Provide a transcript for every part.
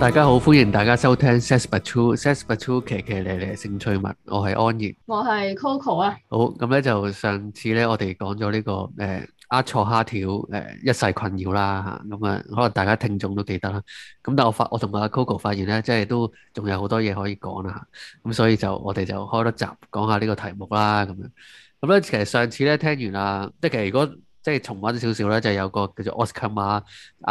大家好，歡迎大家收聽 Says But True，Says But True 騎騎嚟嚟性趣物，我係安然，我係 Coco 啊。好，咁咧就上次咧，我哋講咗呢個誒，壓錯蝦條誒，一世困擾啦吓，咁啊，可能大家聽眾都記得啦。咁但我發，我同阿 Coco 發現咧，即係都仲有好多嘢可以講啦吓。咁、啊、所以就我哋就開多集講下呢個題目啦咁樣。咁、啊、咧、啊、其實上次咧聽完啊，即係其實如果。即係重温少少咧，就有個叫做 Oscar 啊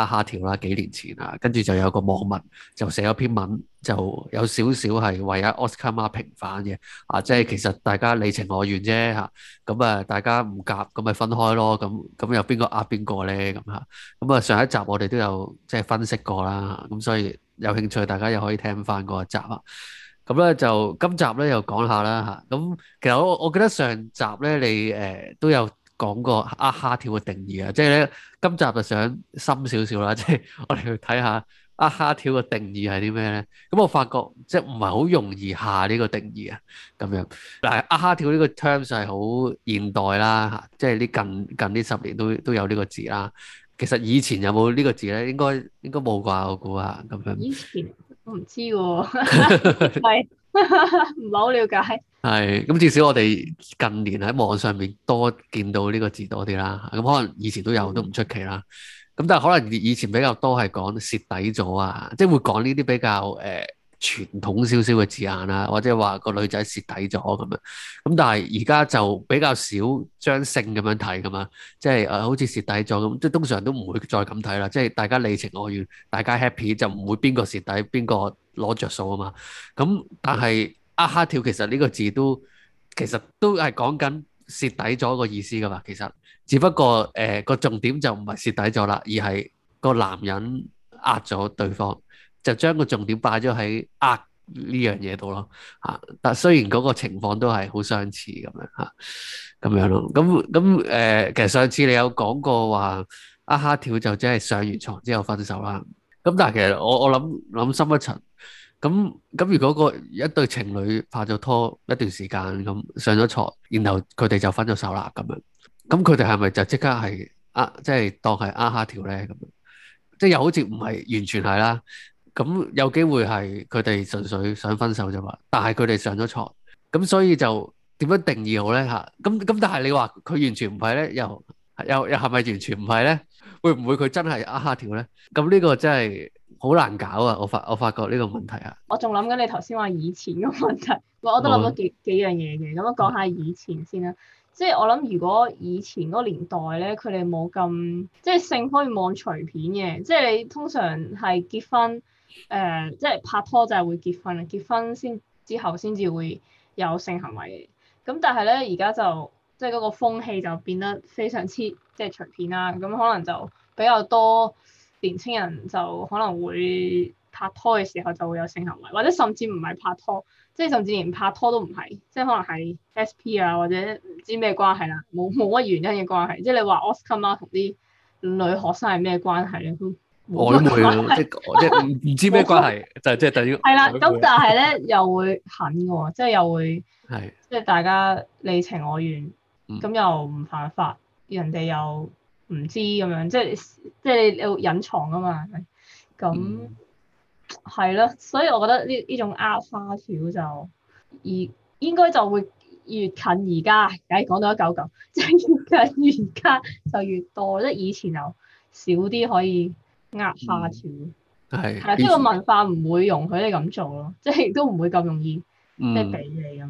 下調啦，幾年前啊，跟住就有個網民就寫咗篇文，就有少少係為咗 Oscar 平反嘅啊，即係其實大家你情我願啫嚇，咁啊大家唔夾，咁咪分開咯，咁咁有邊個呃邊個咧咁嚇，咁啊上一集我哋都有即係分析過啦，咁所以有興趣大家又可以聽翻嗰集啊。咁咧就今集咧又講下啦嚇，咁其實我我記得上集咧你誒都有。講個阿哈跳嘅定義啊，即係咧今集就想深少少啦，即係我哋去睇下阿哈跳嘅定義係啲咩咧？咁我發覺即係唔係好容易下呢個定義啊，咁樣但係阿哈跳呢個 terms 係好現代啦，即係呢近近呢十年都都有呢個字啦。其實以前有冇呢個字咧？應該應該冇啩，我估下咁樣。以前我唔知喎。 唔係好了解，係咁至少我哋近年喺網上面多見到呢個字多啲啦。咁可能以前都有，都唔出奇啦。咁但係可能以前比較多係講蝕底咗啊，即係會講呢啲比較誒。呃傳統少少嘅字眼啦，或者話個女仔蝕底咗咁樣，咁但係而家就比較少將性咁樣睇噶嘛，即係誒好似蝕底咗咁，即係通常都唔會再咁睇啦，即係大家你情我願，大家 happy 就唔會邊個蝕底邊個攞着數啊嘛。咁但係壓下跳其實呢個字都其實都係講緊蝕底咗個意思噶嘛，其實只不過誒個、呃、重點就唔係蝕底咗啦，而係個男人壓咗對方。就將個重點擺咗喺呃呢樣嘢度咯嚇，但雖然嗰個情況都係好相似咁樣嚇，咁樣咯，咁咁誒，其實上次你有講過話呃蝦跳就即係上完床之後分手啦，咁但係其實我我諗諗深一層，咁咁如果個一對情侶拍咗拖一段時間咁上咗床，然後佢哋就分咗手啦咁樣，咁佢哋係咪就即刻係呃即係當係呃蝦跳咧咁樣？即係又好似唔係完全係啦。咁有機會係佢哋純粹想分手啫嘛，但係佢哋上咗牀，咁所以就點樣定義好咧嚇？咁咁但係你話佢完全唔係咧，又又又係咪完全唔係咧？會唔會佢真係啊嚇跳咧？咁呢個真係好難搞啊！我發我發覺呢個問題啊，我仲諗緊你頭先話以前嘅問題，我我都諗咗幾、哦、幾樣嘢嘅，咁講下以前先啦。即係我諗如果以前嗰年代咧，佢哋冇咁即係性可以望隨便嘅，即係你通常係結婚。誒、呃，即係拍拖就係會結婚，結婚先之後先至會有性行為嘅。咁但係咧，而家就即係嗰個風氣就變得非常之即係隨便啦。咁可能就比較多年輕人就可能會拍拖嘅時候就會有性行為，或者甚至唔係拍拖，即係甚至連拍拖都唔係，即係可能係 SP 啊，或者唔知咩關係啦，冇冇乜原因嘅關係。即係你話 Oscar 同啲女學生係咩關係咧？我昧咯，即即唔唔知咩關係，就即係就要係啦。咁但係咧又會肯喎，即係又會係即係大家你情我願，咁、嗯、又唔犯法，人哋又唔知咁樣，即係即係你要隱藏噶嘛。咁係咯，所以我覺得呢呢 種呃花巧就而應該就會越近而家，梗係講到一九九，即係越近而家就越多，即係以前又少啲可以。壓下俏，係，係啊、嗯，即係個文化唔會容許你咁做咯，即係亦都唔會咁容易即係俾你咁樣。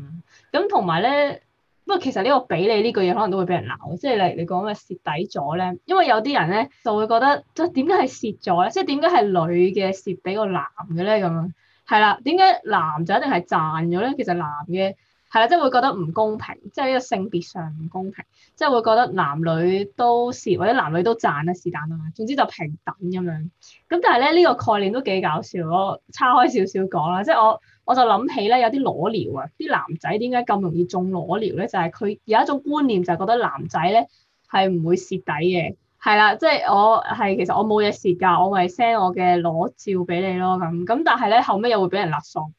咁同埋咧，不過其實呢、呢個俾你呢句嘢可能都會俾人鬧，即、就、係、是、你你講嘅蝕底咗咧，因為有啲人咧就會覺得即點解係蝕咗咧，即係點解係女嘅蝕俾個男嘅咧咁樣？係啦，點解男就一定係賺咗咧？其實男嘅。係啦，即係會覺得唔公平，即係呢個性別上唔公平，即係會覺得男女都蝕或者男女都賺啊，是但啊嘛，總之就平等咁樣。咁但係咧呢個概念都幾搞笑，我岔開少少講啦，即係我我就諗起咧有啲裸聊啊，啲男仔點解咁容易中裸聊咧？就係佢有一種觀念就係覺得男仔咧係唔會蝕底嘅，係啦，即係我係其實我冇嘢蝕㗎，我咪 send 我嘅裸照俾你咯咁，咁但係咧後尾又會俾人勒索。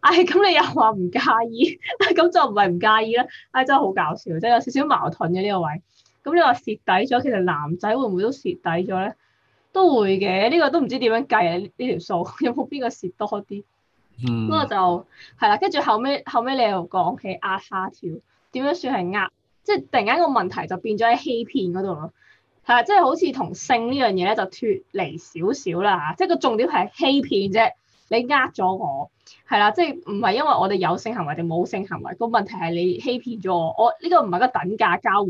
唉，咁、哎、你又話唔介意，咁 就唔係唔介意啦。唉、哎，真係好搞笑，真係有少少矛盾嘅呢個位。咁你話蝕底咗，其實男仔會唔會都蝕底咗咧？都會嘅，呢、呢個都唔知點樣計啊！呢條數 有冇邊個蝕多啲？嗯，嗯，不過就係啦，跟住後尾，後尾你又講起壓蝦條，點樣算係壓？即係突然間個問題就變咗喺欺騙嗰度咯。係啊，即係好似同性呢樣嘢咧，就脫離少少啦嚇。即係個重點係欺騙啫。你呃咗我，係啦，即係唔係因為我哋有性行為定冇性行為？個問題係你欺騙咗我，我呢、呢個唔係個等價交換，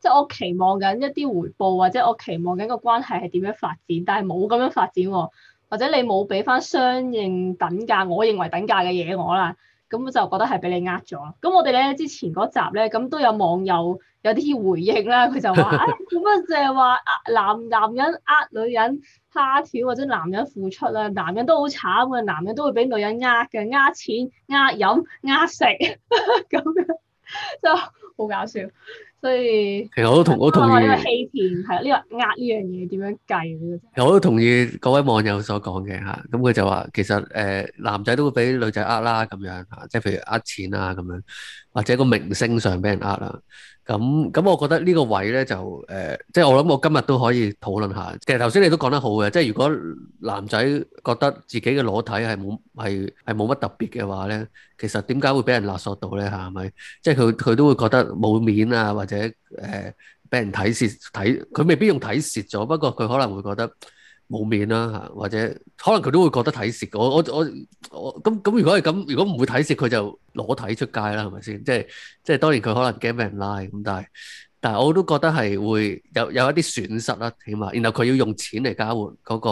即係我期望緊一啲回報或者我期望緊個關係係點樣發展，但係冇咁樣發展喎、啊，或者你冇俾翻相應等價，我認為等價嘅嘢我啦，咁就覺得係俾你呃咗。咁我哋咧之前嗰集咧，咁都有網友。有啲回應啦，佢就話：做乜淨係話呃男男人呃女人蝦條，或者男人付出啦，男人都好慘嘅，男人都會俾女人呃嘅，呃錢、呃飲、呃食，咁樣真係好搞笑。所以其實我都同我同意欺、呢個、騙係呢個呃呢樣嘢點樣計。我都同意各位網友所講嘅嚇，咁佢就話其實誒、呃、男仔都會俾女仔呃啦，咁樣嚇，即係譬如呃錢啊咁樣，或者個明星上俾人呃啦。咁咁、嗯嗯，我覺得呢個位咧就誒、呃，即係我諗，我今日都可以討論下。其實頭先你都講得好嘅，即係如果男仔覺得自己嘅裸體係冇係係冇乜特別嘅話咧，其實點解會俾人勒索到咧嚇？係咪即係佢佢都會覺得冇面啊，或者誒俾、呃、人睇蝕睇，佢未必用睇蝕咗，不過佢可能會覺得。冇面啦嚇、啊，或者可能佢都會覺得睇蝕我我我我咁咁，如果係咁，如果唔會睇蝕，佢就裸體出街啦，係咪先？即係即係當年佢可能驚俾人拉咁，但係但係我都覺得係會有有一啲損失啦、啊，起碼然後佢要用錢嚟交換嗰、那個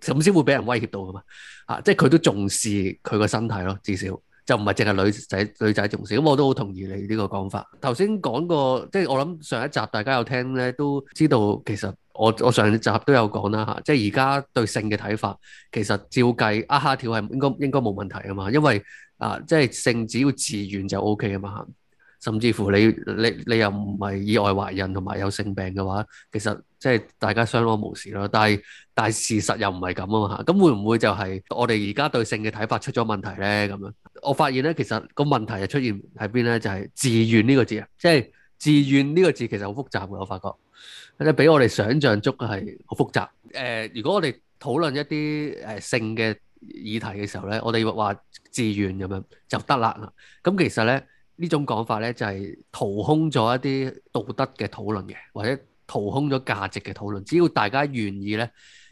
咁先會俾人威脅到啊嘛啊！即係佢都重視佢個身體咯，至少就唔係淨係女仔女仔重視。咁我都好同意你呢個講法。頭先講過，即係我諗上一集大家有聽咧，都知道其實。我我上集都有講啦嚇，即係而家對性嘅睇法，其實照計啊嚇跳係應該應該冇問題啊嘛，因為啊即係、就是、性只要自願就 OK 啊嘛，甚至乎你你你又唔係意外懷孕同埋有性病嘅話，其實即係大家相安無事咯。但係但係事實又唔係咁啊嘛，咁會唔會就係我哋而家對性嘅睇法出咗問題咧？咁樣我發現咧，其實個問題係出現喺邊咧？就係、是「自願」呢個字啊，即係。自願呢個字其實好複雜嘅，我發覺即係比我哋想象足係好複雜。誒、呃，如果我哋討論一啲誒性嘅議題嘅時候咧，我哋話自願咁樣就得啦。咁、嗯、其實咧呢種講法咧就係、是、掏空咗一啲道德嘅討論嘅，或者掏空咗價值嘅討論。只要大家願意咧，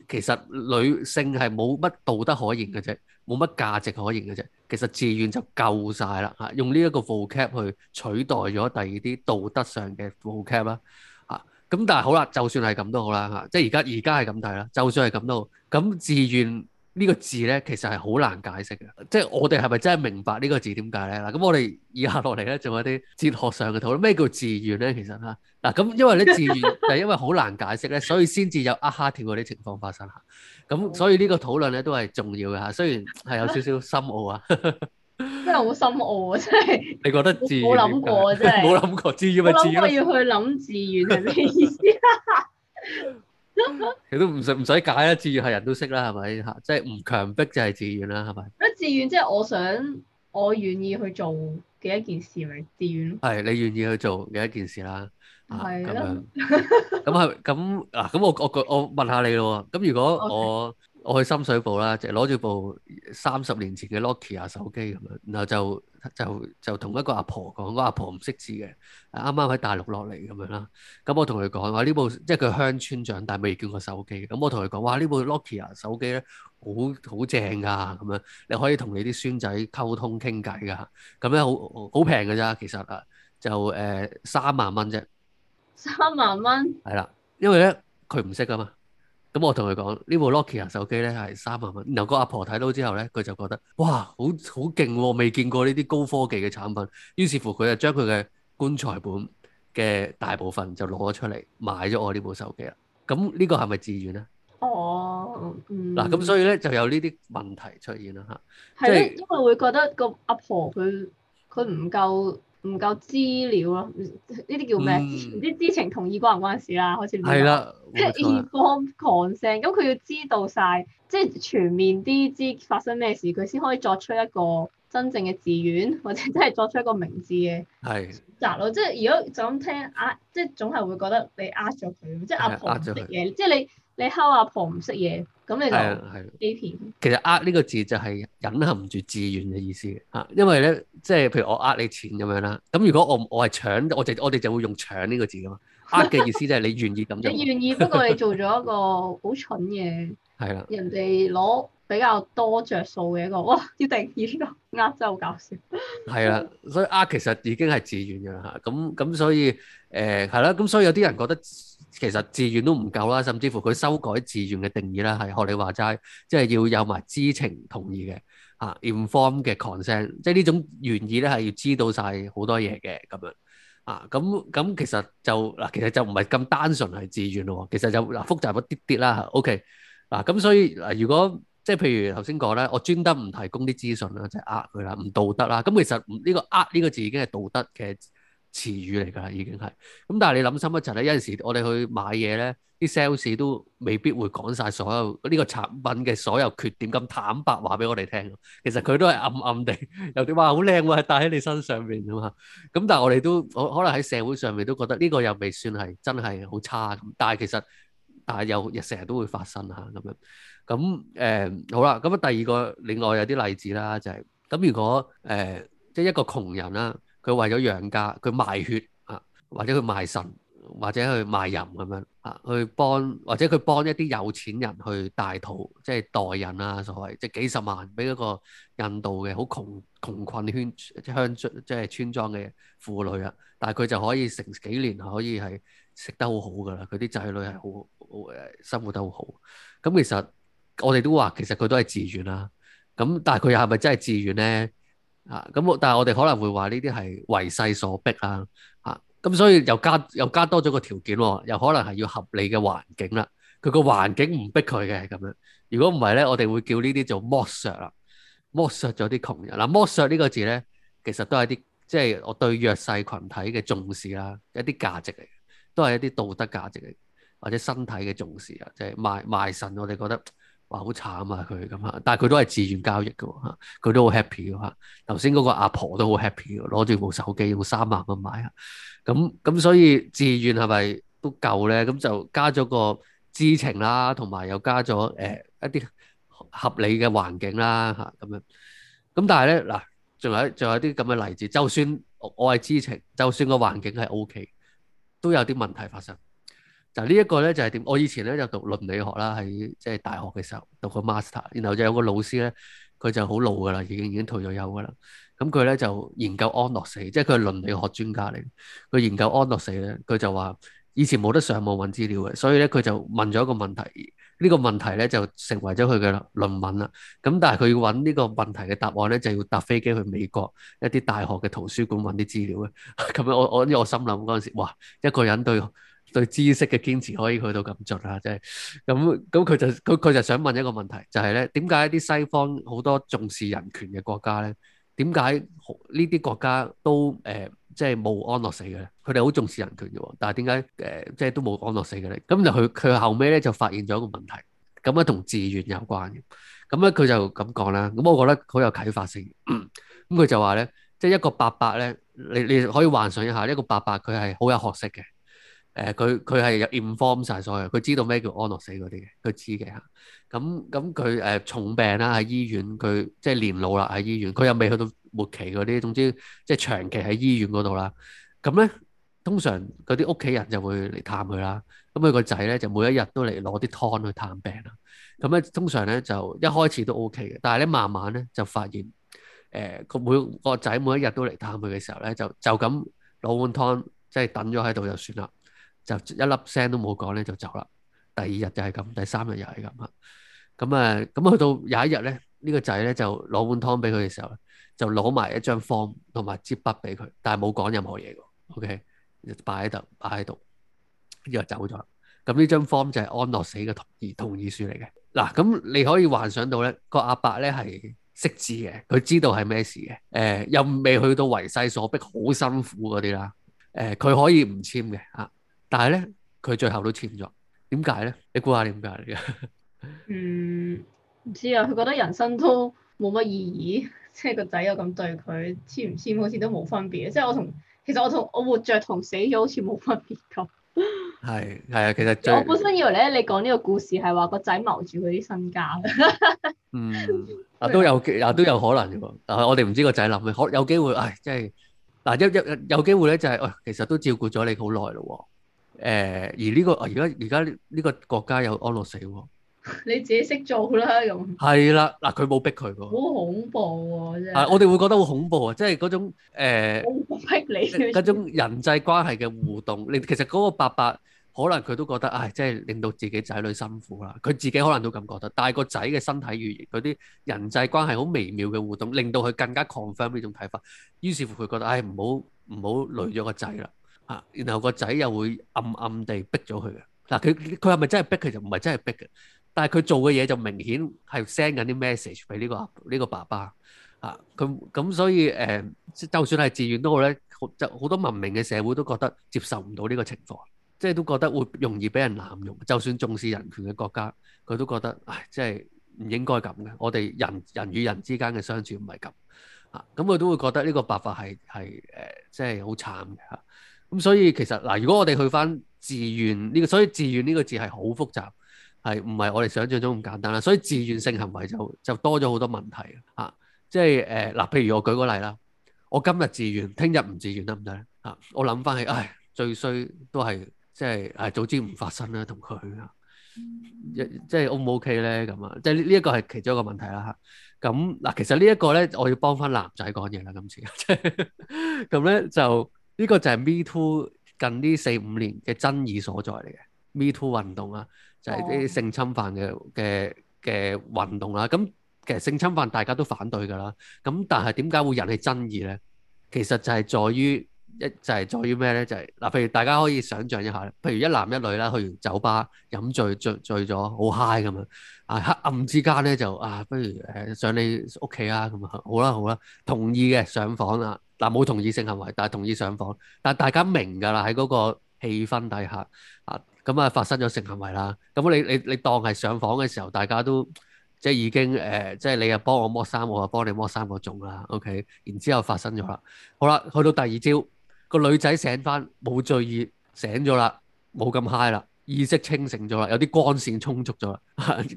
其實女性係冇乜道德可言嘅啫。冇乜價值可言嘅啫，其實自願就夠晒啦，嚇！用呢一個 vocab 去取代咗第二啲道德上嘅 vocab 啦，嚇、啊！咁但係好啦，就算係咁都好啦，嚇、啊！即係而家而家係咁睇啦，就算係咁都好，咁自願。呢個字咧，其實係好難解釋嘅，即係我哋係咪真係明白呢個字點解咧？嗱，咁我哋以下落嚟咧，仲有啲哲學上嘅討論。咩叫自願咧？其實吓，嗱、啊，咁因為咧自願係 因為好難解釋咧，所以先至有啊哈跳嗰啲情況發生嚇。咁所以個討論呢個討論咧都係重要嘅嚇，雖然係有少少深奧啊， 啊。真係好深奧啊！即係。你覺得自冇諗過、啊、真係冇諗過，至於咪自，自、啊？諗我要去諗自願係咩意思、啊。 你都唔使唔使解啦，自願係人都識啦，係咪？吓，即係唔強迫就係自願啦，係咪？咁自願即係我想，我願意去做嘅一件事，咪自願咯。係你願意去做嘅一件事啦。係。咁樣。咁係咁嗱，咁我我我問下你咯。咁如果我我去深水埗啦，就攞住部。三十年前嘅 Nokia 手機咁樣，然後就就就同一個阿婆講，個阿婆唔識字嘅，啱啱喺大陸落嚟咁樣啦。咁我同佢講話呢部，即係佢鄉村長大未見過手機。咁我同佢講，哇！呢部 Nokia 手機咧，好好正㗎，咁樣你可以同你啲孫仔溝通傾偈㗎。咁咧好好平㗎啫，其實啊，就誒、呃、三萬蚊啫，三萬蚊係啦。因為咧，佢唔識㗎嘛。咁我同佢講呢部 Nokia 手機咧係三萬蚊，然後個阿婆睇到之後咧，佢就覺得哇好好勁喎，未、啊、見過呢啲高科技嘅產品，於是乎佢就將佢嘅棺材本嘅大部分就攞咗出嚟買咗我呢部手機啦。咁、嗯這個、呢個係咪自願咧？哦，嗱、嗯，咁、啊、所以咧就有呢啲問題出現啦吓？即係、嗯就是、因為會覺得個阿婆佢佢唔夠。唔夠資料咯，呢啲叫咩？唔、嗯、知知情同意關唔關事啦，好似亂係啦，即係 informed consent，咁佢要知道晒，即係全面啲知發生咩事，佢先可以作出一個真正嘅自願，或者真係作出一個明智嘅選擇咯。即係如果就咁聽呃，即係總係會覺得你呃咗佢，即係呃錯嘅嘢，即係你。你敲阿婆唔識嘢，咁你就欺騙。其實呃呢個字就係隱含住自願嘅意思嘅嚇，因為咧即係譬如我呃你錢咁樣啦，咁如果我我係搶，我就我哋就會用搶呢個字噶嘛。呃嘅意思就係你願意咁就。 你願意，不過你做咗一個好蠢嘅。係啦的。人哋攞比較多着數嘅一個，哇！要頂住，呃真係好搞笑。係 啊，所以呃其實已經係自願嘅啦嚇，咁咁所以誒係啦，咁、呃、所以有啲人覺得。其實自願都唔夠啦，甚至乎佢修改自願嘅定義啦，係學你話齋，即係要有埋知情同意嘅啊 informed 嘅 consent，consent, 即係呢種願意咧係要知道晒好多嘢嘅咁樣啊，咁咁其實就嗱，其實就唔係咁單純係自願咯，其實就嗱複雜咗啲啲啦。OK 嗱，咁、啊、所以嗱，如果即係譬如頭先講咧，我專登唔提供啲資訊啦，即係呃佢啦，唔道德啦，咁其實呢個呃呢個字已經係道德嘅。詞語嚟㗎啦，已經係咁。但係你諗深一層咧，有陣時我哋去買嘢咧，啲 sales 都未必會講晒所有呢個產品嘅所有缺點，咁坦白話俾我哋聽。其實佢都係暗暗地有啲話，好靚喎，係帶喺你身上邊啊嘛。咁但係我哋都可可能喺社會上面都覺得呢個又未算係真係好差。但係其實但係又日成日都會發生嚇咁樣。咁誒好啦，咁啊第二個另外有啲例子啦，就係咁如果誒即係一個窮人啦，佢為咗養家，佢賣血啊，或者佢賣腎，或者佢賣淫咁樣啊，去幫或者佢幫一啲有錢人去大肚，即係代孕啊，所謂即係幾十萬俾一個印度嘅好窮窮困圈，即係鄉即係村莊嘅婦女啊，但係佢就可以成幾年可以係食得好好噶啦，佢啲仔女係好誒生活得好好。咁其實我哋都話其實佢都係自願啦，咁但係佢又係咪真係自願咧？啊，咁但係我哋可能會話呢啲係為勢所逼啊，啊，咁、啊、所以又加又加多咗個條件，啊，又可能係要合理嘅環境啦。佢個環境唔逼佢嘅咁樣，如果唔係咧，我哋會叫呢啲做剝削啦，剝削咗啲窮人嗱。剝、啊、削呢個字咧，其實都係啲即係我對弱勢群體嘅重視啦，啊，一啲價值嚟嘅，都係一啲道德價值嚟嘅，或者身體嘅重視啊，即、就、係、是、賣賣腎，我哋覺得。哇！好慘啊，佢咁啊，但係佢都係自願交易嘅喎嚇，佢都好 happy 嘅嚇。頭先嗰個阿婆都好 happy 嘅，攞住部手機用三萬蚊買啊。咁咁所以，自願係咪都夠咧？咁就加咗個知情啦，同埋又加咗誒、呃、一啲合理嘅環境啦嚇咁樣。咁但係咧嗱，仲有仲有啲咁嘅例子，就算我係知情，就算個環境係 OK，都有啲問題發生。就呢一個咧就係點？我以前咧就讀倫理學啦，喺即係大學嘅時候讀個 master，然後就有個老師咧，佢就好老噶啦，已經已經退咗休噶啦。咁佢咧就研究安樂死，即係佢係倫理學專家嚟。佢研究安樂死咧，佢就話以前冇得上網搵資料嘅，所以咧佢就問咗一個問題，呢個問題咧就成為咗佢嘅論文啦。咁但係佢要搵呢個問題嘅答案咧，就要搭飛機去美國一啲大學嘅圖書館搵啲資料嘅。咁樣我我呢我心諗嗰陣時，哇，一個人對。對知識嘅堅持可以去到咁盡啊！即係咁咁，佢就佢佢就想問一個問題，就係咧，點解啲西方好多重視人權嘅國家咧，點解呢啲國家都誒、呃、即係冇安樂死嘅咧？佢哋好重視人權嘅喎，但係點解誒即係都冇安樂死嘅咧？咁就佢佢後尾咧就發現咗一個問題，咁咧同自願有關嘅。咁咧佢就咁講啦。咁我覺得好有啟發性。咁佢 就話咧，即係一個伯伯咧，你你可以幻想一下，一個伯伯佢係好有學識嘅。誒、佢佢係有 inform 晒所有，佢知道咩叫安樂死嗰啲嘅，佢知嘅嚇。咁咁佢誒重病啦，喺醫院，佢即係年老啦，喺醫院佢又未去到末期嗰啲，總之即係長期喺醫院嗰度啦。咁咧通常嗰啲屋企人就會嚟探佢啦。咁佢個仔咧就每一日都嚟攞啲湯去探病啦。咁、嗯、咧通常咧就一開始都 OK 嘅，但係咧慢慢咧就發現誒佢、呃、每個仔每一日都嚟探佢嘅時候咧，就就咁攞碗湯，即係等咗喺度就算啦。就一粒聲都冇講咧，就走啦。第二日就係咁，第三日又係咁嚇。咁、嗯、啊，咁去到有一日咧，呢、呢個仔咧就攞碗湯俾佢嘅時候咧，就攞埋一張 form 同埋支筆俾佢，但係冇講任何嘢。OK，擺喺度，擺喺度，跟住就走咗。咁呢張 form 就係安樂死嘅同意同意書嚟嘅。嗱、啊，咁你可以幻想到咧，那個阿伯咧係識字嘅，佢知道係咩事嘅。誒、呃，又未去到為勢所逼，好辛苦嗰啲啦。誒、呃，佢可以唔簽嘅嚇。啊但係咧，佢最後都簽咗。點解咧？你估下點解嚟嘅？嗯，唔知啊。佢覺得人生都冇乜意義，即係個仔又咁對佢，簽唔簽好似都冇分別。即係我同，其實我同我活着同死咗好似冇分別咁。係係啊，其實，就係、其實我本身以為咧，你講呢個故事係話個仔謀住佢啲身家。嗯，啊 都有啊，都有可能嘅，但係我哋唔知個仔諗咩。可有機會，唉，即係嗱一一有機會咧、就係，就係，其實都照顧咗你好耐咯。誒、呃、而呢、個而家而家呢個國家有安樂死喎，你自己識做啦咁。係啦，嗱佢冇逼佢喎。好恐怖喎！真係。啊，我哋會覺得好恐怖啊！怖即係嗰種、呃、我唔逼你嗰種人際關係嘅互動，令其實嗰個伯伯可能佢都覺得，唉，即係令到自己仔女辛苦啦。佢自己可能都咁覺得，但係個仔嘅身體語言嗰啲人際關係好微妙嘅互動，令到佢更加 confirm 呢種睇法。於是乎佢覺得，唉，唔好唔好累咗個仔啦。啊、然後個仔又會暗暗地逼咗佢嘅嗱。佢佢係咪真係逼佢？就唔係真係逼嘅。但係佢做嘅嘢就明顯係 send 緊啲 message 俾呢個呢、呢個爸爸啊。咁咁所以誒、呃，就算係自願都好咧，就好多文明嘅社會都覺得接受唔到呢個情況，即係都覺得會容易俾人濫用。就算重視人權嘅國家，佢都覺得唉，即係唔應該咁嘅。我哋人人與人之間嘅相處唔係咁啊。咁佢都會覺得呢個辦法係係誒，即係好慘嘅嚇。啊咁、嗯、所以其實嗱、啊，如果我哋去翻自願呢、這個，所以自願呢個字係好複雜，係唔係我哋想象中咁簡單啦？所以自願性行為就就多咗好多問題啊！即係誒嗱，譬如我舉個例啦，我今日自願，聽日唔自願得唔得咧？啊，我諗翻起，唉，最衰都係即係唉，早知唔發生啦，同佢一即係 O 唔 O K 咧？咁啊，即係呢呢一個係其中一個問題啦。咁、啊、嗱、啊，其實呢一個咧，我要幫翻男仔講嘢啦，今次咁咧、啊啊嗯、就。呢個就係 Me Too 近呢四五年嘅爭議所在嚟嘅，Me Too 運動啊，就係、是、啲性侵犯嘅嘅嘅運動啦。咁、哦、其實性侵犯大家都反對㗎啦。咁但係點解會引起爭議咧？其實就係在於一就係在於咩咧？就係、是、嗱，譬、就是、如大家可以想象一下，譬如一男一女啦，去完酒吧飲醉醉醉咗，好 high 咁樣，啊黑暗之間咧就啊不如誒上你屋企啊咁啊好啦好啦同意嘅上房啦。嗱，冇同意性行為，但係同意上房。但係大家明㗎啦，喺嗰個氣氛底下啊，咁啊發生咗性行為啦。咁你你你當係上房嘅時候，大家都即係已經誒，即係你又幫我剝衫，我又幫你剝三個鐘啦。OK，然之後發生咗啦。好啦，去到第二朝，個女仔醒翻，冇醉意，醒咗啦，冇咁嗨 i 啦，意識清醒咗啦，有啲光線充足咗啦。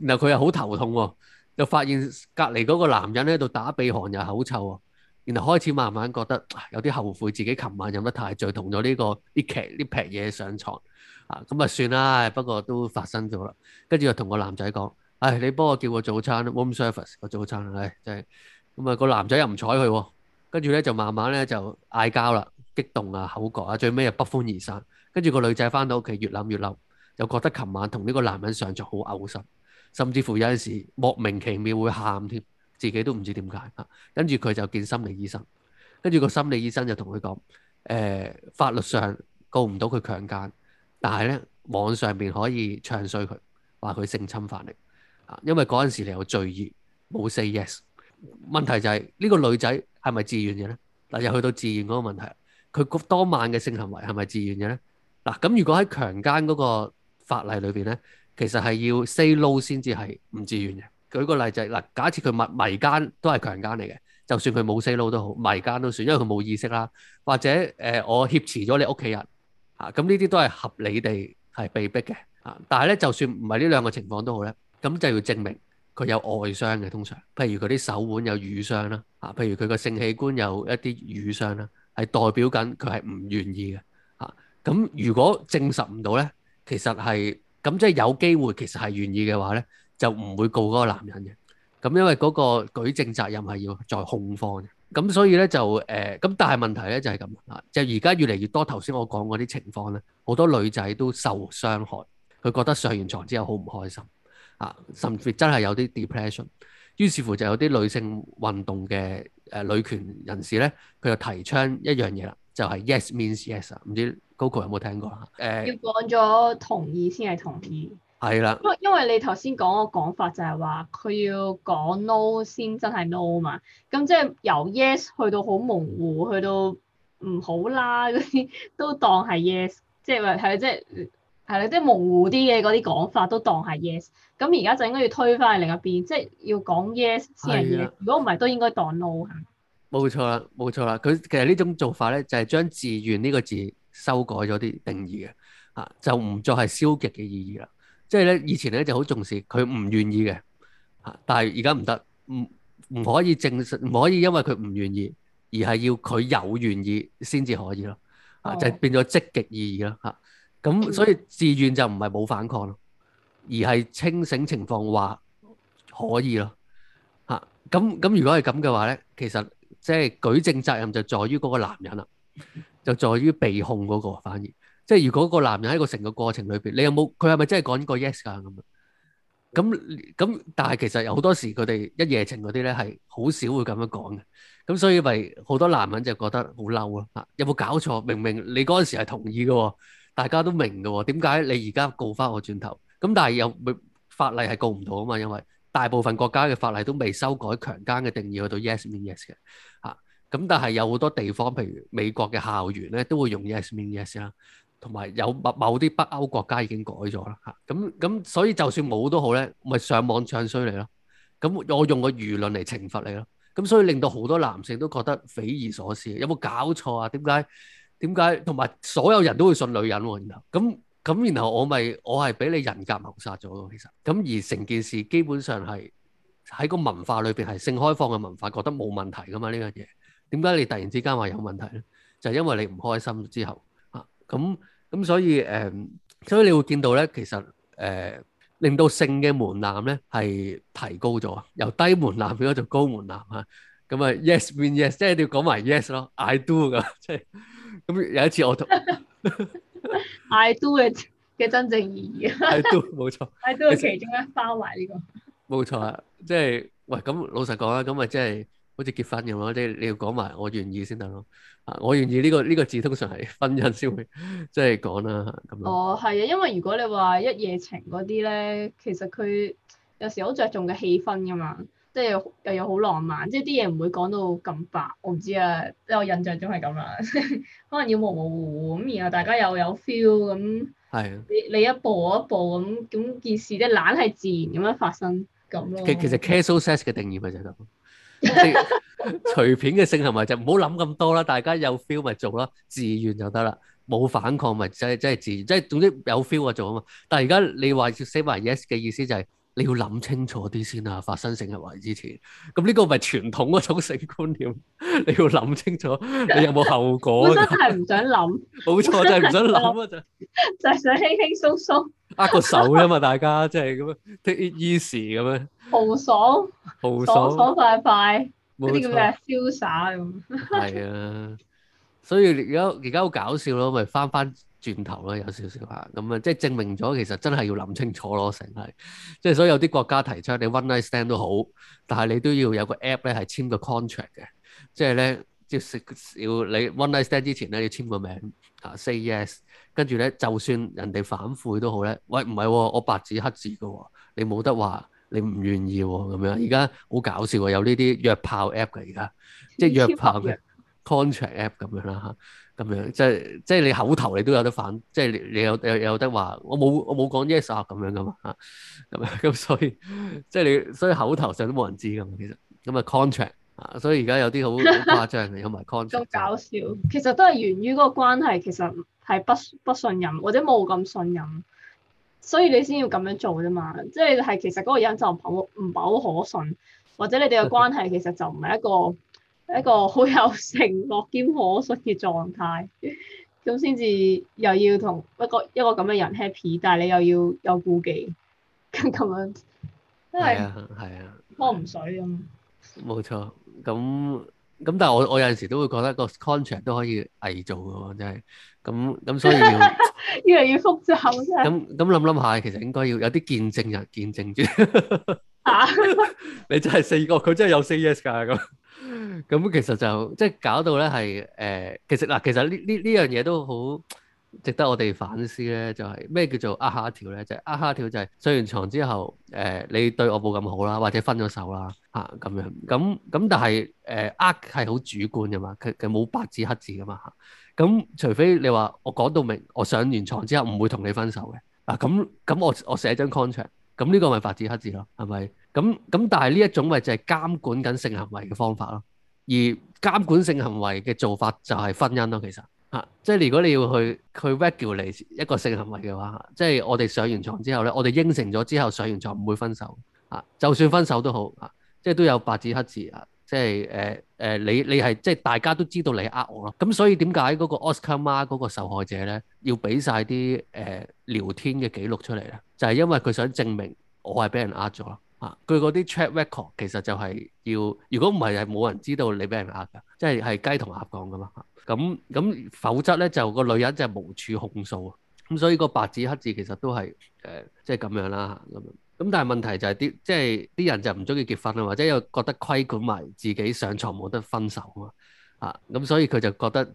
然後佢又好頭痛喎，又發現隔離嗰個男人喺度打鼻鼾又口臭喎。然後開始慢慢覺得有啲後悔，自己琴晚飲得太醉，同咗呢個呢劇啲劈嘢上床。啊，咁啊算啦。不過都發生咗啦。就跟住又同個男仔講：唉，你幫我叫個早餐，room service 個早餐。唉，真係，咁啊、個男仔又唔睬佢。跟住咧就慢慢咧就嗌交啦，激動啊，口角啊。最尾啊，不歡而散。跟住個女仔翻到屋企越諗越嬲，又覺得琴晚同呢個男人上床好嘔心，甚至乎有陣時莫名其妙會喊添。自己都唔知點解嚇，跟住佢就見心理醫生，跟住個心理醫生就同佢講：誒、欸，法律上告唔到佢強姦，但係呢網上邊可以唱衰佢，話佢性侵犯你！因為嗰陣時你有醉意，冇 say yes。問題就係、是、呢、這個女仔係咪自願嘅呢？嗱，又去到自願嗰個問題，佢當晚嘅性行為係咪自願嘅呢？嗱，咁如果喺強姦嗰個法例裏邊呢，其實係要 say no 先至係唔自願嘅。舉個例就係嗱，假設佢物迷奸都係強姦嚟嘅，就算佢冇死佬都好，迷姦都算，因為佢冇意識啦。或者誒、呃，我挾持咗你屋企人嚇，咁呢啲都係合理地係被逼嘅嚇。但係咧，就算唔係呢兩個情況都好咧，咁就要證明佢有外傷嘅。通常，譬如佢啲手腕有瘀傷啦嚇、啊，譬如佢個性器官有一啲瘀傷啦，係代表緊佢係唔願意嘅嚇。咁、啊、如果證實唔到咧，其實係咁，即係有機會其實係願意嘅話咧。就唔會告嗰個男人嘅，咁因為嗰個舉證責任係要在控方嘅，咁所以咧就誒，咁、呃、但係問題咧就係咁啊，即而家越嚟越多頭先我講嗰啲情況咧，好多女仔都受傷害，佢覺得上完床之後好唔開心啊，甚至真係有啲 depression，於是乎就有啲女性運動嘅誒、呃、女權人士咧，佢就提倡一樣嘢啦，就係、是、yes means yes 啊，唔知 Coco 有冇聽過啊？誒、呃，要講咗同意先係同意。係啦，因為你頭先講個講法就係話佢要講 no 先真係 no 嘛，咁即係由 yes 去到好模糊，去到唔好啦嗰啲都當係 yes，即係話係即係咧，即係模糊啲嘅嗰啲講法都當係 yes，咁而家就應該要推翻去另一邊，即係要講 yes 先係 yes，如果唔係都應該當 no。冇錯啦，冇錯啦，佢其實呢種做法咧就係將自願呢個字修改咗啲定義嘅，啊就唔再係消極嘅意義啦。即係咧，以前咧就好重視，佢唔願意嘅，嚇。但係而家唔得，唔唔可以證實，唔可以因為佢唔願意，而係要佢有願意先至可以咯，嚇、oh. 就變咗積極意義咯，嚇。咁所以自願就唔係冇反抗咯，而係清醒情況話可以咯，嚇。咁咁如果係咁嘅話咧，其實即係舉證責任就在於嗰個男人啦，就在於被控嗰個反而。即係如果個男人喺個成個過程裏邊，你有冇佢係咪真係講過 yes 㗎？咁咁，但係其實有好多時佢哋一夜情嗰啲咧係好少會咁樣講嘅。咁所以咪好多男人就覺得好嬲咯，嚇。有冇搞錯？明明你嗰陣時係同意嘅，大家都明嘅喎。點解你而家告翻我轉頭？咁但係又法例係告唔到啊嘛，因為大部分國家嘅法例都未修改強姦嘅定義去到 yes mean yes 嘅嚇。咁但係有好多地方，譬如美國嘅校園咧，都會用 yes mean yes 啦。同埋有某某啲北歐國家已經改咗啦嚇，咁咁所以就算冇都好咧，咪上網唱衰你咯，咁我用個輿論嚟懲罰你咯，咁所以令到好多男性都覺得匪夷所思，有冇搞錯啊？點解點解？同埋所有人都會信女人喎，啊，然後咁咁，然後我咪我係俾你人格謀殺咗咯，其實，咁而成件事基本上係喺個文化裏邊係性開放嘅文化，覺得冇問題噶嘛呢樣嘢，點解你突然之間話有問題咧？就因為你唔開心之後嚇咁。啊。咁所以誒、嗯，所以你會見到咧，其實誒、呃，令到性嘅門檻咧係提高咗，由低門檻變咗做高門檻啊！咁、嗯、啊，yes means yes，即係你要講埋 yes 咯，I do 噶，即係。咁、嗯、有一次我同 ，I do 嘅嘅真正意義 ，I do 冇錯 ，I do 係其中一包埋呢、這個。冇錯啊，即係喂，咁老實講啦，咁啊即係。好似結婚咁咯，即係你要講埋我願意先得咯。啊，我願意呢個呢個字通常係婚姻先會即係講啦咁樣。哦，係啊，因為如果你話一夜情嗰啲咧，其實佢有時好着重嘅氣氛噶嘛，即係又有好浪漫，即係啲嘢唔會講到咁白，我唔知啊，即係我印象中係咁啦， 可能要模模糊糊咁，然後大家又有，有 feel 咁。係啊。你你一步我一步咁，咁件事即係懶係自然咁樣發生咁咯、嗯。其其實 casual sex 嘅定義咪就係咁。即係隨便嘅性行為，就唔好諗咁多啦，大家有 feel 咪做啦，自願就得啦，冇反抗咪真係真係自願，即係總之有 feel 啊做啊嘛。但係而家你話要 say 埋 yes 嘅意思就係、是、你要諗清楚啲先啊，發生性行為之前，咁呢個咪傳統嗰種性觀念，你要諗清楚，你有冇後果？我真係唔想諗，冇錯，真係唔想諗啊，就是、就係想輕輕鬆鬆握個手啊嘛，大家即係咁樣，take it easy 咁樣。豪爽，豪爽爽，爽爽快快，冇啲咁嘅，瀟灑，咁。係 啊，所以而家而家好搞笑咯，咪翻翻轉頭咯，有少少嚇咁啊，即係證明咗其實真係要諗清楚咯，成係。即係所以有啲國家提出你 one night stand 都好，但係你都要有個 app 咧係簽個 contract 嘅，即係咧即係要你 one night stand 之前咧要簽個名啊 say yes，跟住咧就算人哋反悔都好咧，喂唔係喎，我白紙黑字㗎喎，你冇得話。你唔願意喎、哦，咁樣而家好搞笑啊！有呢啲約炮 app 嘅，而家即係約炮嘅 contract app 咁樣啦嚇，咁樣，咁樣即係即係你口頭你都有得反，即係你你有有有得話，我冇我冇講 yes 啊咁樣噶嘛嚇，咁樣咁所以即係你所以口頭上都冇人知噶嘛，其實咁啊 contract 啊，所以而家有啲好好誇張嘅， 有埋 contract。咁搞笑，其實都係源於嗰個關係，其實係不不信任或者冇咁信任。所以你先要咁樣做啫嘛，即係係其實嗰個人就唔唔係好可信，或者你哋嘅關係其實就唔係一個 一個好有承諾兼可信嘅狀態，咁先至又要同一個一個咁嘅人 happy，但係你又要有顧忌，咁 樣，因為係啊，摸唔、啊、水咁，冇錯、啊，咁咁、啊、但係我我有陣時都會覺得個 contract 都可以偽造嘅喎，真、就、係、是。咁咁所以要越嚟越複雜啊！咁咁諗諗下，其實應該要有啲見證人見證住啊！你真係四個，佢真係有四 yes 噶咁。咁其實就即係搞到咧係誒，其實嗱，其實呢呢呢樣嘢都好值得我哋反思咧。就係咩叫做呃下一條咧？就呃下一條就係上完床之後誒，你對我冇咁好啦，或者分咗手啦啊咁樣。咁咁但係誒，呃係好主觀噶嘛，佢佢冇白字黑字噶嘛吓。咁除非你話我講到明，我上完床之後唔會同你分手嘅，啊咁咁我我寫張 contract，咁呢個咪白紙黑字咯，係咪？咁咁但係呢一種咪就係監管緊性行為嘅方法咯，而監管性行為嘅做法就係婚姻咯，其實，啊，即係如果你要去去 regulate 一個性行為嘅話，啊，即係我哋上完床之後咧，我哋應承咗之後上完床唔會分手，啊，就算分手都好，啊，即係都有白紙黑字啊。即係誒誒，你你係即係大家都知道你呃我咯，咁所以點解嗰個 Oscar Mark 嗰個受害者咧要俾晒啲誒聊天嘅記錄出嚟咧？就係、是、因為佢想證明我係俾人呃咗咯嚇。佢嗰啲 chat record 其實就係要，如果唔係係冇人知道你俾人呃㗎，即係係雞同鴨講㗎嘛嚇。咁、啊、咁、啊、否則咧就個女人就係無處控訴啊。咁所以個白紙黑字其實都係誒，即係咁樣啦嚇咁。啊咁但係問題就係、是、啲即係啲人就唔中意結婚啊，或者又覺得規管埋自己上床冇得分手啊，啊咁所以佢就覺得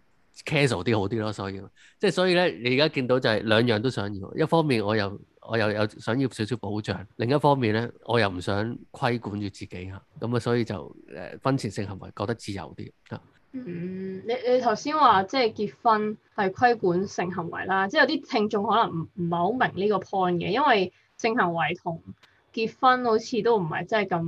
casual 啲好啲咯。所以即係所以咧，你而家見到就係兩樣都想要。一方面我又我又有想要少少保障，另一方面咧我又唔想規管住自己嚇。咁啊，所以就誒婚前性行為覺得自由啲啊。嗯，你你頭先話即係結婚係規管性行為啦，嗯、即係有啲聽眾可能唔唔係好明呢個 point 嘅，因為。性行為同結婚好似都唔係真係咁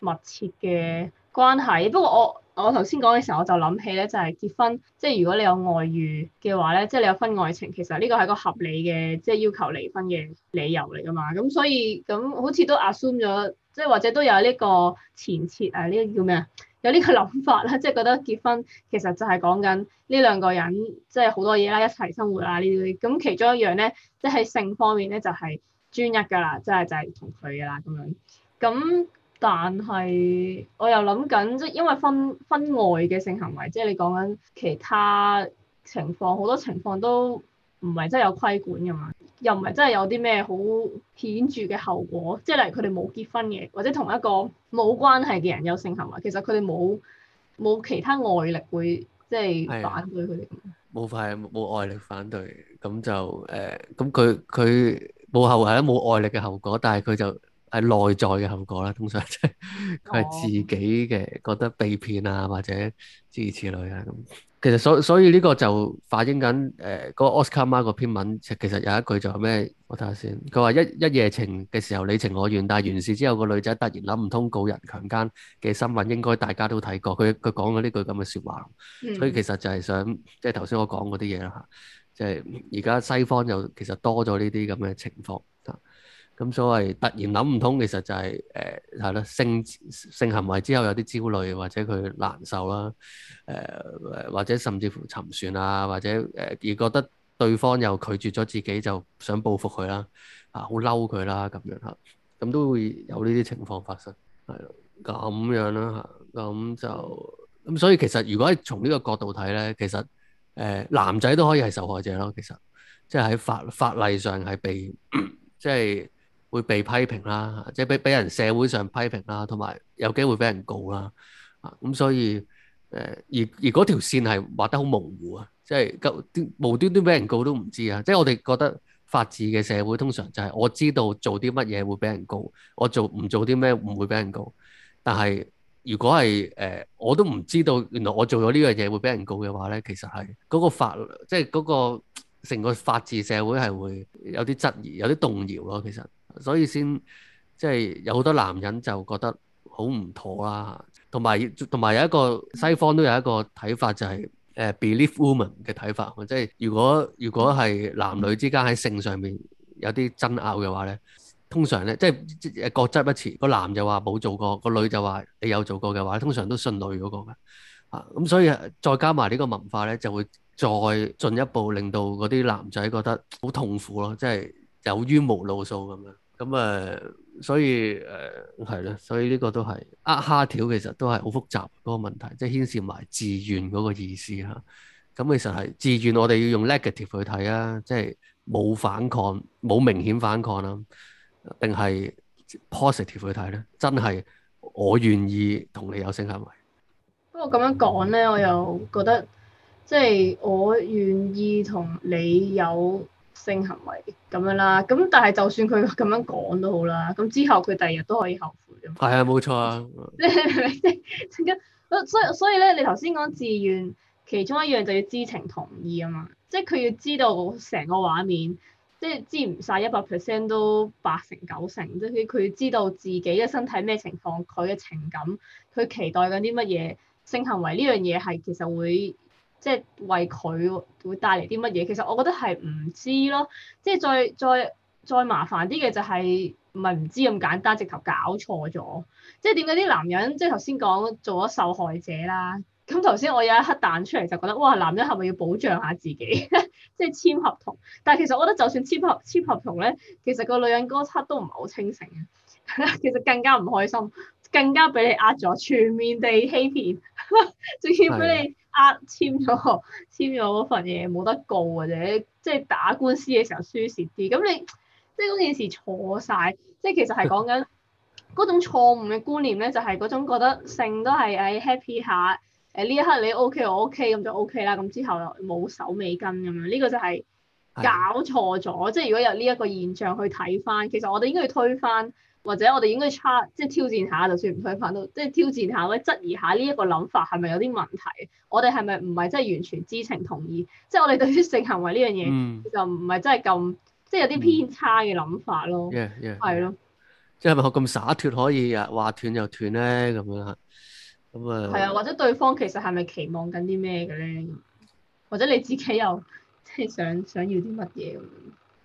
密切嘅關係。不過我我頭先講嘅時候，我就諗起咧就係結婚，即係如果你有外遇嘅話咧，即係你有婚外情，其實呢個係一個合理嘅即係要求離婚嘅理由嚟㗎嘛。咁所以咁好似都 assume 咗，即係或者都有呢個前設啊？呢個叫咩啊？有呢個諗法啦，即係覺得結婚其實就係講緊呢兩個人，即係好多嘢啦，一齊生活啊呢啲咁。其中一樣咧，即係性方面咧，就係專一㗎啦，即係就係同佢㗎啦咁樣。咁但係我又諗緊，即係因為婚婚外嘅性行為，即係你講緊其他情況，好多情況都，唔係真係有規管嘅嘛，又唔係真係有啲咩好顯著嘅後果，即係例如佢哋冇結婚嘅，或者同一個冇關係嘅人有性行為，其實佢哋冇冇其他外力會即係反對佢哋。冇法係冇外力反對，咁就誒，咁佢佢冇後遺都冇外力嘅後果，但係佢就。係內在嘅後果啦，通常即係佢係自己嘅、oh. 覺得被騙啊，或者諸如此類啊咁。其實所所以呢個就反映緊誒嗰個 Oscar Ma 個篇文，其實有一句就係咩？我睇下先，佢話一一夜情嘅時候你情我願，但係完事之後個女仔突然諗唔通告人強奸嘅新聞，應該大家都睇過。佢佢講過呢句咁嘅説話，所以其實就係想即係頭先我講嗰啲嘢啦吓？即係而家西方又其實多咗呢啲咁嘅情況。咁所謂突然諗唔通，其實就係誒係啦，性性行為之後有啲焦慮，或者佢難受啦，誒、呃、或者甚至乎沉船啊，或者誒、呃、而覺得對方又拒絕咗自己，就想報復佢啦，啊好嬲佢啦咁樣嚇，咁、啊、都會有呢啲情況發生，係咯，咁樣啦嚇，咁就咁所以其實如果係從呢個角度睇咧，其實誒、呃、男仔都可以係受害者咯，其實即係喺法法例上係被即係。 即係會被批評啦，即係俾俾人社會上批評啦，同埋有機會俾人告啦。咁、啊、所以誒，而而嗰條線係畫得好模糊啊！即係咁無端端俾人告都唔知啊！即係我哋覺得法治嘅社會通常就係我知道做啲乜嘢會俾人告，我做唔做啲咩唔會俾人告。但係如果係誒、呃，我都唔知道原來我做咗呢樣嘢會俾人告嘅話呢，其實係嗰、嗰個法，即係嗰成個法治社會係會有啲質疑、有啲動搖咯。其實。所以先即係有好多男人就覺得好唔妥啦，同埋同埋有一個西方都有一個睇法就係、是、誒、嗯 uh, believe woman 嘅睇法，即係如果如果係男女之間喺性上面有啲爭拗嘅話咧，通常咧即係各執一詞，個男就話冇做過，個女就話你有做過嘅話，通常都信女嗰個啊，咁所以再加埋呢個文化咧，就會再進一步令到嗰啲男仔覺得好痛苦咯，即係有冤無路訴咁樣。咁誒、嗯，所以誒係咯，所以呢個都係呃蝦條，其實都係好複雜嗰個問題，即係牽涉埋自願嗰個意思嚇。咁、啊、其實係，自願我哋要用 negative 去睇啊，即係冇反抗，冇明顯反抗啦、啊，定係 positive 去睇咧？真係我願意同你有性行為。不過咁樣講咧，我又覺得即係、就是、我願意同你有。性行為咁樣啦，咁但係就算佢咁樣講都好啦，咁之後佢第二日都可以後悔啊。係啊，冇錯啊。即 係樂 所以所以咧，你頭先講自願，其中一樣就要知情同意啊嘛，即係佢要知道成個畫面，即係知唔晒一百 percent 都八成九成，即係佢要知道自己嘅身體咩情況，佢嘅情感，佢期待緊啲乜嘢？性行為呢樣嘢係其實會。即係為佢會帶嚟啲乜嘢？其實我覺得係唔知咯。即係再再再麻煩啲嘅就係唔係唔知咁簡單，直頭搞錯咗。即係點解啲男人即係頭先講做咗受害者啦？咁頭先我有一刻彈出嚟就覺得哇，男人係咪要保障下自己？ 即係簽合同。但係其實我覺得就算簽合簽合同咧，其實個女人嗰刻都唔係好清醒嘅。 其實更加唔開心，更加俾你呃咗，全面地欺騙，仲要俾你。呃、啊、簽咗簽咗嗰份嘢冇得告，或者即係打官司嘅時候輸蝕啲。咁你即係嗰件事錯晒，即係其實係講緊嗰種錯誤嘅觀念咧，就係、是、嗰種覺得性都係誒、哎、happy 下，誒呢一刻你 OK 我 OK 咁就 OK 啦，咁之後又冇手尾跟。咁樣，呢個就係搞錯咗。的即係如果有呢一個現象去睇翻，其實我哋應該要推翻。或者我哋應該 challenge 即係挑戰下，就算唔使翻到。即係挑戰下，或者質疑下呢一個諗法係咪有啲問題？我哋係咪唔係真係完全知情同意？即係我哋對於性行為呢樣嘢就唔係真係咁、嗯、即係有啲偏差嘅諗法咯。係 Yeah, yeah, 咯，即係咪咪咁灑脱可以啊？話斷就斷咧咁樣，咁啊係啊，或者對方其實係咪期望緊啲咩嘅咧？或者你自己又即係想想要啲乜嘢咁？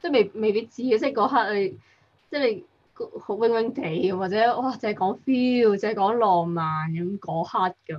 即係未未必知嘅，即係嗰刻你即係。即你好懵懵地，或者哇，淨係講 feel，淨係講浪漫咁嗰刻咁，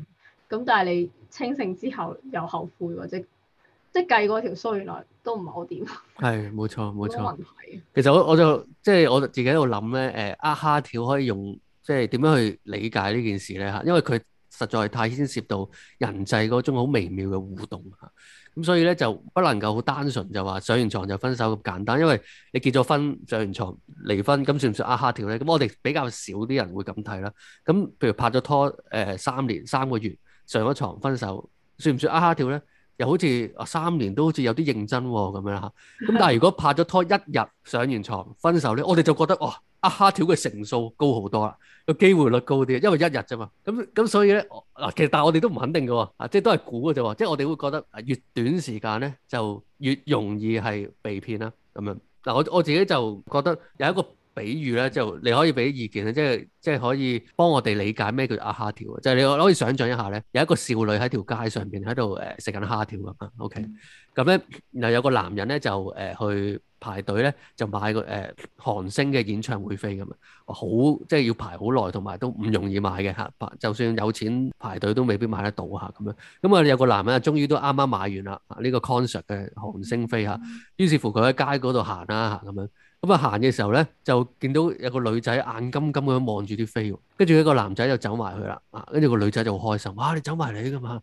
咁但係你清醒之後又後悔，或者即係計嗰條數，原來都唔係好掂。係，冇錯冇錯。錯問題其實我我就即係、就是、我自己喺度諗咧，誒，阿哈跳可以用即係點樣去理解呢件事咧吓？因為佢實在太牽涉到人際嗰種好微妙嘅互動吓。咁所以呢就不能夠好單純就話上完床就分手咁簡單，因為你結咗婚上完床、離婚，咁算唔算啊嚇跳呢？咁我哋比較少啲人會咁睇啦。咁譬如拍咗拖三年三個月上咗床分手，算唔算啊嚇跳呢？又好似三年都好似有啲認真喎、啊、咁樣吓。咁但係如果拍咗拖一日上完床分手呢，我哋就覺得哇～、哦啊哈條嘅成數高好多啦，個機會率高啲，因為一日啫嘛。咁咁所以咧，嗱其實但係我哋都唔肯定嘅喎，啊即係都係估嘅啫喎，即係我哋會覺得越短時間咧就越容易係被騙啦咁樣。嗱我我自己就覺得有一個比喻咧就你可以俾意見咧，即係即係可以幫我哋理解咩叫蝦條啊？就你可以，就是可以，就是，你可以想象一下咧，有一個少女喺條街上邊喺度誒食緊蝦條咁樣。OK，咁咧，嗯就是，然後有個男人咧就誒去排隊咧就買這個誒韓星嘅演唱會飛咁啊，好即係要排好耐，同埋都唔容易買嘅嚇。就算有錢排隊都未必買得到嚇咁樣。咁啊，有個男人啊，終於都啱啱買完啦啊，呢個 concert 嘅韓星飛嚇。於是乎佢喺街嗰度行啦嚇咁樣。咁啊行嘅時候咧，就見到有個女仔眼金金咁望住啲飛喎，跟住一個男仔就走埋去啦，啊！跟住個女仔就好開心，哇！你走埋嚟㗎嘛，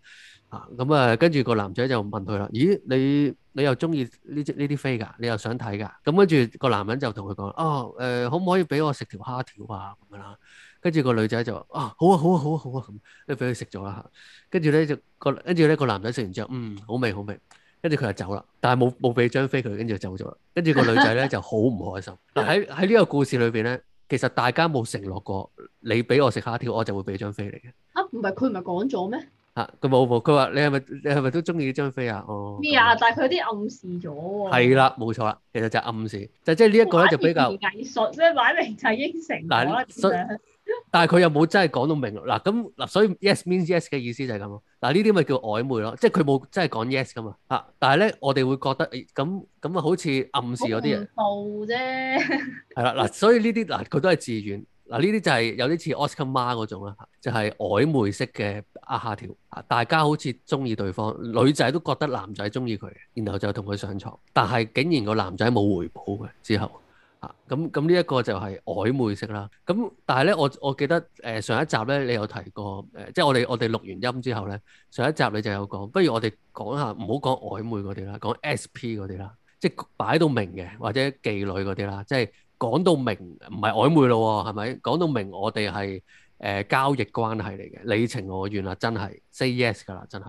啊！咁啊，跟住個男仔就問佢啦，咦？你你又中意呢啲呢啲飛㗎？你又想睇㗎？咁跟住個男人就同佢講，哦誒、呃，可唔可以俾我食條蝦條啊？咁樣啦，跟住個女仔就話，啊好啊好啊好啊好啊，咁、啊，誒俾佢食咗啦，跟住咧就呢個跟住咧個男仔食完之後，嗯，好味好味。跟住佢就走啦，但係冇冇俾張飛佢，跟住就走咗啦。跟住個女仔咧就好唔開心。嗱喺喺呢個故事裏邊咧，其實大家冇承諾過，你俾我食蝦條，我就會俾張飛你嘅。啊，唔係佢唔係講咗咩？吓，佢冇冇，佢話你係咪你係咪都中意張飛啊？哦。咩啊？啊但係佢有啲暗示咗喎、啊。係啦，冇錯啦，其實就係暗示，就即係呢一個咧就比較。藝術即係，擺明就係應承。嗱， 但係佢又冇真係講到明？嗱咁嗱，所以 yes means yes 嘅意思就係咁咯。嗱呢啲咪叫曖昧咯，即係佢冇真係講 yes 咁嘛。吓、啊，但係咧我哋會覺得誒，咁咁啊好似暗示嗰啲人，冇啫。係啦嗱，所以呢啲嗱佢都係自願嗱呢啲就係有啲似 Oscar Mar 嗰種啦、啊，就係、是、曖昧式嘅壓下條，大家好似中意對方，女仔都覺得男仔中意佢，然後就同佢上床，但係竟然個男仔冇回報嘅之後。咁咁呢一個就係曖昧式啦。咁、嗯、但係咧，我我記得誒、呃、上一集咧，你有提過誒、呃，即係我哋我哋錄完音之後咧，上一集你就有講，不如我哋講下唔好講曖昧嗰啲啦，講 SP 嗰啲啦，即係擺到明嘅，或者妓女嗰啲啦，即係講到明唔係曖昧咯喎、哦，係咪？講到明我哋係誒交易關係嚟嘅，你情我願啊，真係 say yes 噶啦，真係。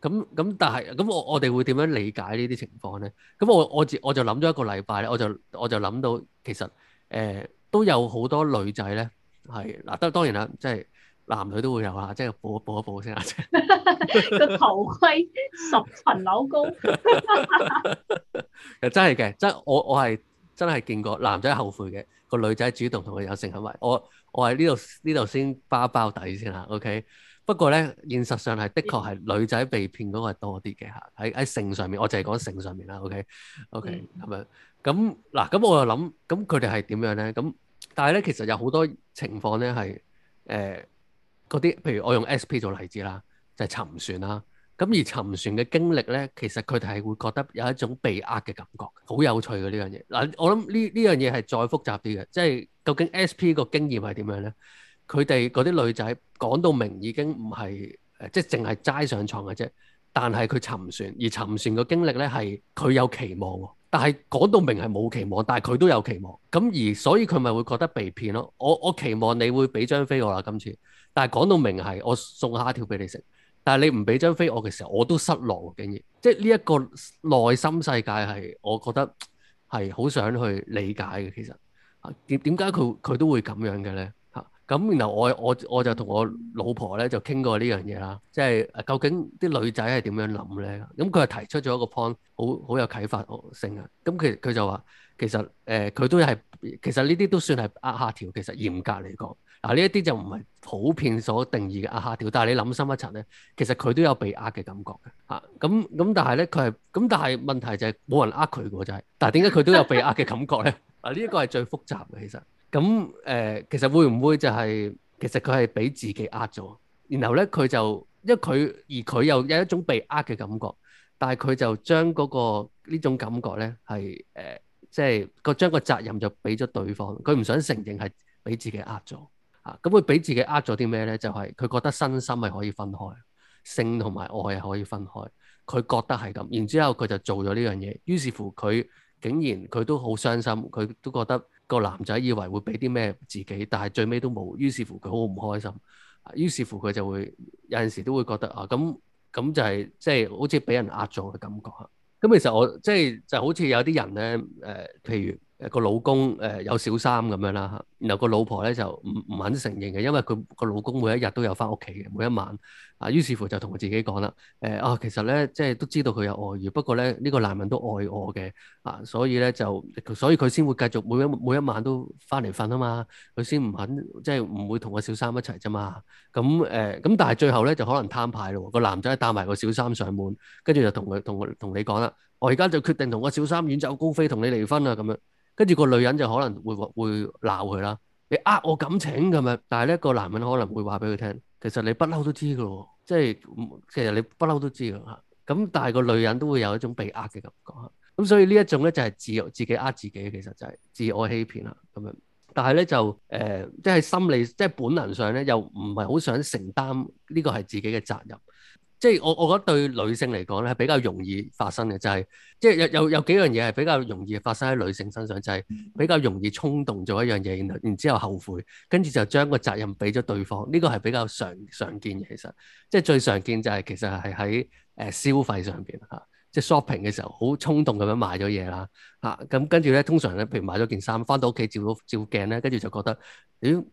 咁咁，但係咁我我哋會點樣理解呢啲情況咧？咁我我自我就諗咗一個禮拜咧，我就我就諗到其實誒、呃、都有好多女仔咧係嗱，當然啦，即、就、係、是、男女都會有嚇，即係報一報一報先啊！個頭盔十層樓高，又真係嘅，真我我係真係見過男仔後悔嘅，個女仔主動同佢有性行為。我我喺呢度呢度先包一包底先嚇，OK。不過咧，現實上係的確係女仔被騙嗰個係多啲嘅嚇，喺喺性上面，我，OK? OK,、嗯、我就係講性上面啦。OK，OK，咁樣咁嗱，咁我又諗，咁佢哋係點樣咧？咁但係咧，其實有好多情況咧係誒嗰啲，譬如我用 SP 做例子啦，就係、是、沉船啦。咁而沉船嘅經歷咧，其實佢哋係會覺得有一種被壓嘅感覺，好有趣嘅呢樣嘢。嗱，我諗呢呢樣嘢係再複雜啲嘅，即係究竟 SP 個經驗係點樣咧？佢哋嗰啲女仔講到明已經唔係誒，即係淨係齋上床嘅啫。但係佢沉船，而沉船嘅經歷咧係佢有期望，但係講到明係冇期望，但係佢都有期望。咁而所以佢咪會覺得被騙咯？我我期望你會俾張飛我啦，今次。但係講到明係我送蝦條俾你食。但係你唔俾張飛我嘅時候，我都失落竟然，即係呢一個內心世界係，我覺得係好想去理解嘅。其實點點解佢佢都會咁樣嘅咧？咁然後我我我就同我老婆咧就傾過呢樣嘢啦，即係究竟啲女仔係點樣諗咧？咁佢係提出咗一個 point，好好有啟發性啊！咁佢佢就話其實誒佢都係其實呢啲都算係呃下條，其實嚴、呃、格嚟講，嗱呢一啲就唔係普遍所定義嘅呃下條，但係你諗深一層咧，其實佢都有被呃嘅感覺嘅嚇。咁咁但係咧佢係咁，但係問題就係冇人呃佢喎，就係，但係點解佢都有被呃嘅感覺咧？啊呢一個係最複雜嘅，其實。咁誒、呃，其實會唔會就係、是、其實佢係俾自己呃咗，然後咧佢就因為佢而佢又有一種被呃嘅感覺，但係佢就將嗰、那個呢種感覺咧係誒，即係個將個責任就俾咗對方，佢唔想承認係俾自己呃咗啊！咁佢俾自己呃咗啲咩咧？就係、是、佢覺得身心係可以分開，性同埋愛係可以分開，佢覺得係咁，然之後佢就做咗呢樣嘢，於是乎佢竟然佢都好傷心，佢都覺得。個男仔以為會俾啲咩自己，但係最尾都冇，於是乎佢好唔開心。於是乎佢就會有時都會覺得啊，咁咁就係即係好似俾人壓咗嘅感覺。咁、嗯、其實我即係就係就係、好似有啲人呢，誒、呃，譬如，個老公誒有小三咁樣啦，然後個老婆咧就唔唔肯承認嘅，因為佢個老公每一日都有返屋企嘅，每一晚啊，於是乎就同佢自己講啦，誒、呃、啊、哦，其實咧即係都知道佢有外遇，不過咧呢、這個男人都愛我嘅啊，所以咧就所以佢先會繼續每一每一晚都返嚟瞓啊嘛，佢先唔肯即係唔會同個小三一齊啫嘛，咁誒咁但係、呃、最後咧就可能攤牌咯，個男仔帶埋個小三上門，跟住就同佢同同你講啦，我而家就決定同個小三遠走高飛離，同你離婚啦咁樣。跟住個女人就可能會會鬧佢啦，你呃我感情咁樣，但係咧個男人可能會話俾佢聽，其實你不嬲都知噶喎，即係其實你不嬲都知㗎。咁但係個女人都會有一種被呃嘅感覺，咁所以呢一種咧就係、是、自自己呃自己，其實就係、是、自愛欺騙啦咁樣。但係咧就誒、呃，即係心理即係本能上咧，又唔係好想承擔呢個係自己嘅責任。即係我我覺得對女性嚟講咧係比較容易發生嘅，就係即係有有有幾樣嘢係比較容易發生喺女性身上，就係比較容易衝動做一樣嘢，然然之後後悔，跟住就將個責任俾咗對方。呢個係比較常常見嘅，其實即係最常見就係其實係喺誒消費上邊嚇，即係 shopping 嘅時候好衝動咁樣買咗嘢啦嚇，咁跟住咧通常咧，譬如買咗件衫，翻到屋企照到照鏡咧，跟住就覺得咦，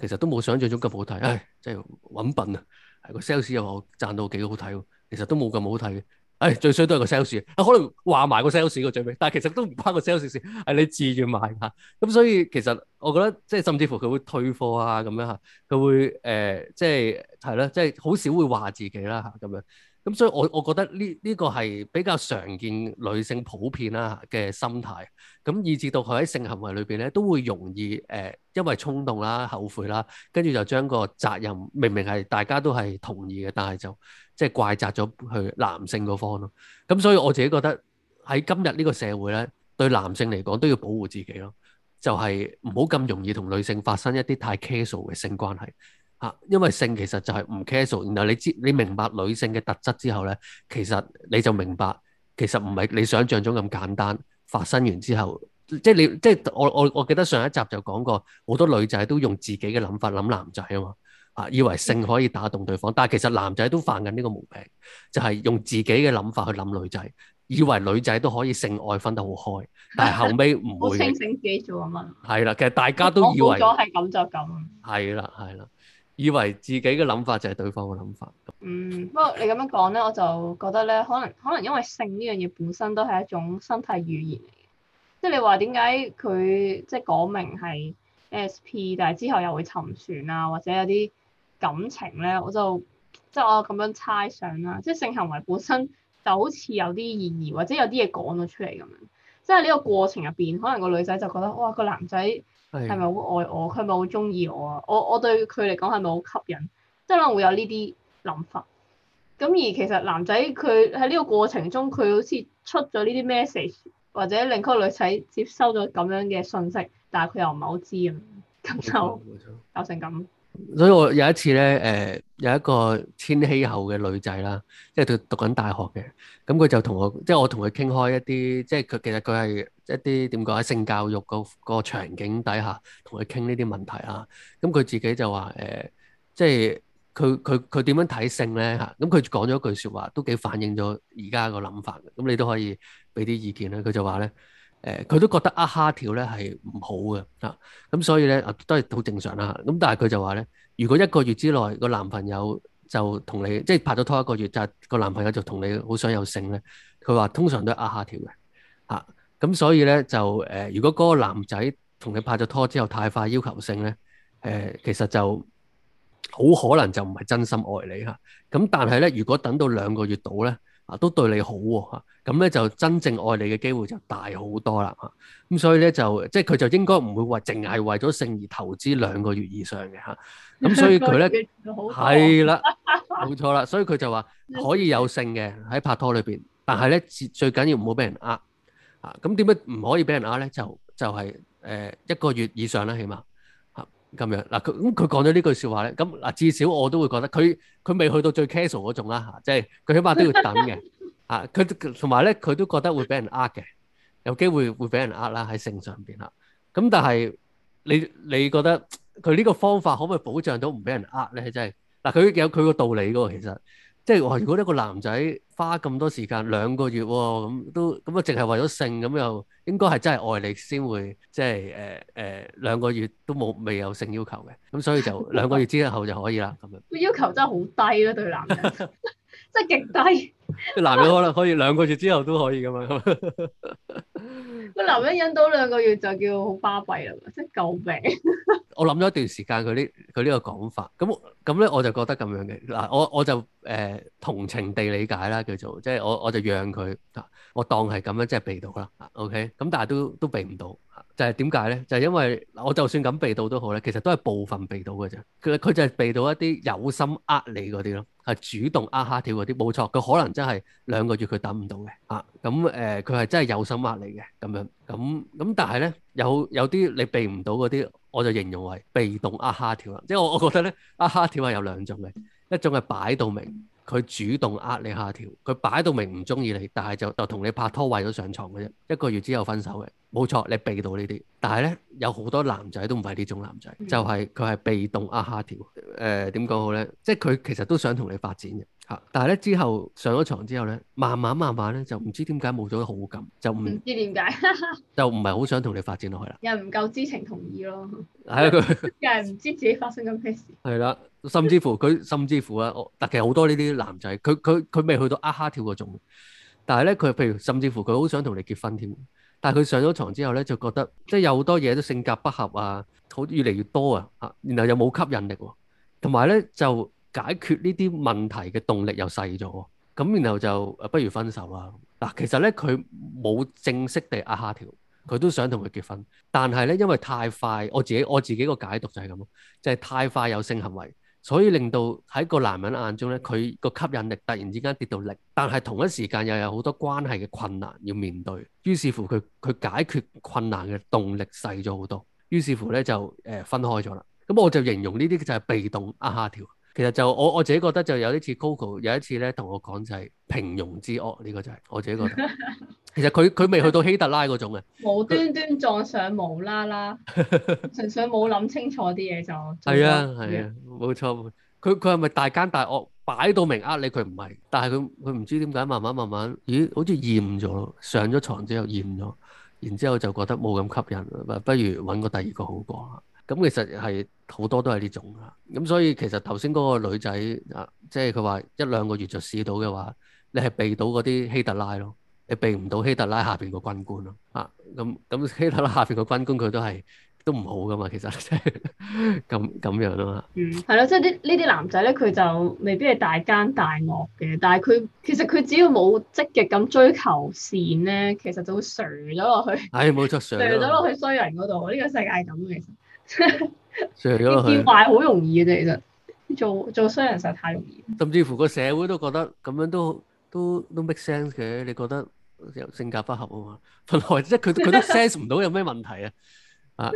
其實都冇想象中咁好睇，唉真係揾笨啊！個 sales 又話我賺到幾好睇喎，其實都冇咁好睇嘅。誒、哎，最衰都係個 sales，可能話埋個 sales 個最尾，但係其實都唔關個 sales 事，係你自願買嚇。咁所以其實我覺得，即係甚至乎佢會退貨啊咁樣嚇，佢會誒、呃，即係係啦，即係好少會話自己啦嚇咁樣。咁所以我，我我覺得呢呢、這個係比較常見女性普遍啦嘅心態，咁以至到佢喺性行為裏邊咧，都會容易誒、呃，因為衝動啦、啊、後悔啦、啊，跟住就將個責任明明係大家都係同意嘅，但係就即係、就是、怪責咗去男性嗰方咯、啊。咁所以我自己覺得喺今日呢個社會咧，對男性嚟講都要保護自己咯，就係唔好咁容易同女性發生一啲太 casual 嘅性關係。啊，因為性其實就係唔 casual，然後你知你明白女性嘅特質之後咧，其實你就明白其實唔係你想象中咁簡單，發生完之後，即係你即係我我我記得上一集就講過好多女仔都用自己嘅諗法諗男仔啊嘛，啊以為性可以打動對方，但係其實男仔都犯緊呢個毛病，就係用自己嘅諗法去諗女仔，以為女仔都可以性愛分得好開，但係後尾唔會，好清醒自己做緊乜？係啦，其實大家都以為咗係咁就咁。係啦，係啦。以為自己嘅諗法就係對方嘅諗法。嗯，不過你咁樣講咧，我就覺得咧，可能可能因為性呢樣嘢本身都係一種身體語言嚟嘅，即係你話點解佢即係講明係 SP，但係之後又會沉船啊，或者有啲感情咧，我就即係我咁樣猜想啦。即係性行為本身就好似有啲意義，或者有啲嘢講咗出嚟咁樣。即係呢個過程入邊，可能個女仔就覺得哇，個男仔係咪好愛我？佢係咪好中意我啊？我我對佢嚟講係咪好吸引？即係可能會有呢啲諗法。咁而其實男仔佢喺呢個過程中，佢好似出咗呢啲 message，或者令嗰個女仔接收咗咁樣嘅信息，但係佢又唔係好知咁，咁就搞成咁。所以我有一次咧，誒、呃、有一個千禧後嘅女仔啦，即係佢讀緊大學嘅，咁、嗯、佢就同我，即係我同佢傾開一啲，即係佢其實佢係一啲點講喺性教育個、那個場景底下，同佢傾呢啲問題啊，咁、嗯、佢自己就話誒、呃，即係佢佢佢點樣睇性咧嚇？咁佢講咗一句説話，都幾反映咗而家個諗法，咁、嗯、你都可以俾啲意見啦。佢就話咧。誒佢，呃、都覺得呃蝦條咧係唔好嘅啊，咁所以咧、啊、都係好正常啦。咁、啊、但係佢就話咧，如果一個月之內個，個男朋友就同你即係拍咗拖一個月就個男朋友就同你好想有性咧，佢、啊、話通常都係呃蝦條嘅啊。咁所以咧就誒、呃，如果嗰個男仔同你拍咗拖之後太快要求性咧，誒、啊、其實就好可能就唔係真心愛你嚇。咁、啊、但係咧，如果等到兩個月到咧，都對你好喎、啊，咁咧就真正愛你嘅機會就大好多啦，咁所以咧就即係佢就應該唔會話淨係為咗性而投資兩個月以上嘅嚇，咁所以佢咧係啦，冇 錯啦，所以佢就話可以有性嘅喺拍拖裏邊，但係咧最最緊要唔好俾人呃，咁點解唔可以俾人呃咧？就就係、是、誒一個月以上啦，起碼。咁樣嗱，佢咁佢講咗呢句説話咧，咁嗱至少我都會覺得佢佢未去到最 casual 嗰種啦、啊，即係佢起碼都要等嘅，啊佢同埋咧佢都覺得會俾人呃嘅，有機會會俾人呃啦喺性上邊啦。咁、啊、但係你你覺得佢呢個方法可唔可以保障到唔俾人呃咧？係真係嗱，佢、啊、有佢個道理噶喎，其實。即係話，如果一個男仔花咁多時間兩個月喎、哦，咁都咁啊，淨係為咗性咁又應該係真係愛嚟先會即係誒誒兩個月都冇未有性要求嘅，咁所以就兩個月之後就可以啦咁 樣。個要求真係好低咯、啊，對男仔。 即係極低，個男人可能可以 兩個月之後都可以㗎嘛。個 男人忍到兩個月就叫好巴閉啦，即係救命！ 我諗咗一段時間佢呢佢呢個講法，咁咁咧我就覺得咁樣嘅，嗱，我我就誒、呃、同情地理解啦叫做，即係我我就讓佢，我當係咁樣即係避到啦，OK？咁但係都都避唔到。就係點解咧？就係、因為我就算咁避到都好咧，其實都係部分避到嘅啫。佢佢就係避到一啲有心呃你嗰啲咯，係主動呃蝦條嗰啲冇錯。佢可能真係兩個月佢等唔到嘅啊。咁、嗯、誒，佢、呃、係真係有心呃你嘅咁樣咁咁、嗯嗯，但係咧有有啲你避唔到嗰啲，我就形容為被動呃蝦條啦。即係我我覺得咧，呃蝦條係有兩種嘅，一種係擺到明。佢主動呃你下條，佢擺到明唔鍾意你，但係就就同你拍拖為咗上床嘅啫，一個月之後分手嘅，冇錯，你避到呢啲。但係呢，有好多男仔都唔係呢種男仔，就係佢係被動下條呃下條，誒點講好呢？即係佢其實都想同你發展嘅。吓，但係咧之後上咗床之後咧，慢慢慢慢咧就唔知點解冇咗好感，就唔唔知點解， 就唔係好想同你發展落去啦。又唔夠知情同意咯，係啊佢又唔知自己發生緊咩事。係 啦，甚至乎佢甚至乎咧，我尤其好多呢啲男仔，佢佢佢未去到啊哈跳嗰種，但係咧佢譬如甚至乎佢好想同你結婚添，但係佢上咗床之後咧就覺得即係有好多嘢都性格不合啊，好越嚟越多啊，吓然後又冇吸引力喎，同埋咧就。就解決呢啲問題嘅動力又細咗，咁然後就不如分手啦。嗱，其實咧佢冇正式地壓下調，佢都想同佢結婚，但係咧因為太快，我自己我自己個解讀就係咁，就係、是、太快有性行為，所以令到喺個男人眼中咧，佢個吸引力突然之間跌到力。但係同一時間又有好多關係嘅困難要面對，於是乎佢佢解決困難嘅動力細咗好多，於是乎咧就誒、呃、分開咗啦。咁我就形容呢啲就係被動壓下調。其實就我我自己覺得就有啲似 Coco，有一次咧同我講就係平庸之惡呢，這個就係、是、我自己覺得。其實佢佢未去到希特拉嗰種嘅，無端端撞上無啦啦，純粹冇諗清楚啲嘢就。係啊係啊，冇錯、啊。佢佢係咪大奸大惡擺到明呃你？佢唔係，但係佢佢唔知點解慢慢慢慢，咦好似厭咗咯，上咗床之後厭咗，然之後就覺得冇咁吸引，不如揾個第二個好過。咁其實係好多都係呢種啊，咁所以其實頭先嗰個女仔啊，即係佢話一兩個月就試到嘅話，你係避到嗰啲希特拉咯，你避唔到希特拉下邊個軍官咯，啊咁咁希特拉下邊個軍官佢都係都唔好噶嘛，其實咁、就、咁、是啊、樣啊嘛，嗯，係咯，即係啲呢啲男仔咧，佢就未必係大奸大惡嘅，但係佢其實佢只要冇積極咁追求善咧，其實就會傻咗落去，唉冇、哎、錯，傻咗落去衰人嗰度，呢、呢個世界係咁嘅其實見見壞好容易嘅、啊、啫，其實做做商人實在太容易、啊。甚至乎個社會都覺得咁樣都都都 make sense 嘅，你覺得性格不合啊嘛？分開即係佢佢都 sense 唔到有咩問題啊？啊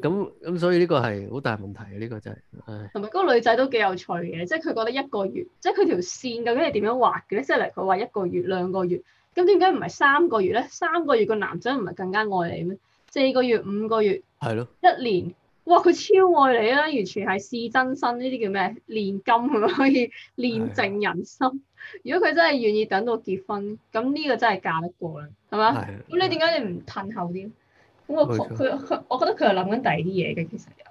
咁咁，所以呢個係好大問題嘅、啊、呢、這個真係。同埋嗰個女仔都幾有趣嘅，即係佢覺得一個月，即係佢條線究竟係點樣畫嘅咧？即係嚟，佢話一個月、兩個月，咁點解唔係三個月咧？三個月個男仔唔係更加愛你咩？四個月、五個月，係咯，一年。哇！佢超愛你啦，完全係試真心。呢啲叫咩？煉金咁可以煉淨人心。係。如果佢真係願意等到結婚，咁呢個真係嫁得過啦，係嘛？咁係。你點解你唔褪後啲？咁我佢佢係，我覺得佢又諗緊第二啲嘢嘅，其實有，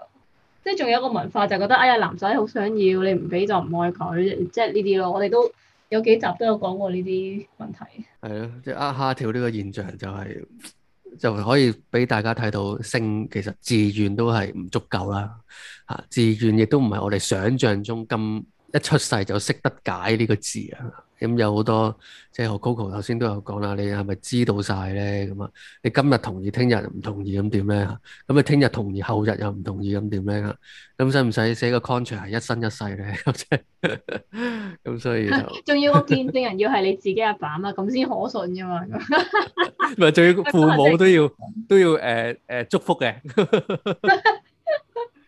即係仲有一個文化就係、是、覺得哎呀男仔好想要你唔俾就唔愛佢，即係呢啲咯。我哋都有幾集都有講過呢啲問題。係啊，即係呃，下條呢個現象就係、是。就可以俾大家睇到，性其實自願都係唔足夠啦，嚇！自願亦都唔係我哋想像中咁一出世就識得解呢個字。咁、嗯、有好多，即係我 Koko 頭先都有講啦。你係咪知道晒咧？咁啊，你今日同意，聽日唔同意咁點咧？咁你聽日同意，後日又唔同意咁點咧？咁使唔使寫個 contract 係一生一世咧？咁 所以仲要個見證人要係你自己阿爸啊，咁先可信噶嘛。咪 仲要父母都要都要誒誒、呃呃、祝福嘅，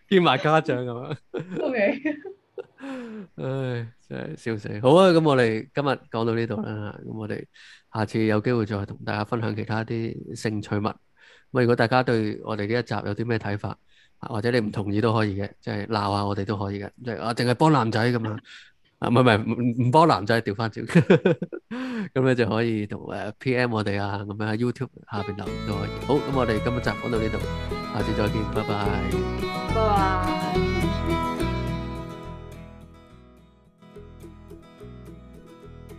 見 埋家長咁啊。Okay. 唉，真係笑死！好啊，咁我哋今日講到呢度啦，咁我哋下次有機會再同大家分享其他啲興趣物。咁如果大家對我哋呢一集有啲咩睇法，或者你唔同意都可以嘅，即係鬧下我哋都可以嘅，即係啊，淨係幫男仔咁啊，唔係唔唔幫男仔調翻轉，咁咧 就可以同誒 P M 我哋啊，咁樣喺 YouTube 下邊留言都可以。好，咁我哋今日集講到呢度，下次再見，拜拜，拜拜。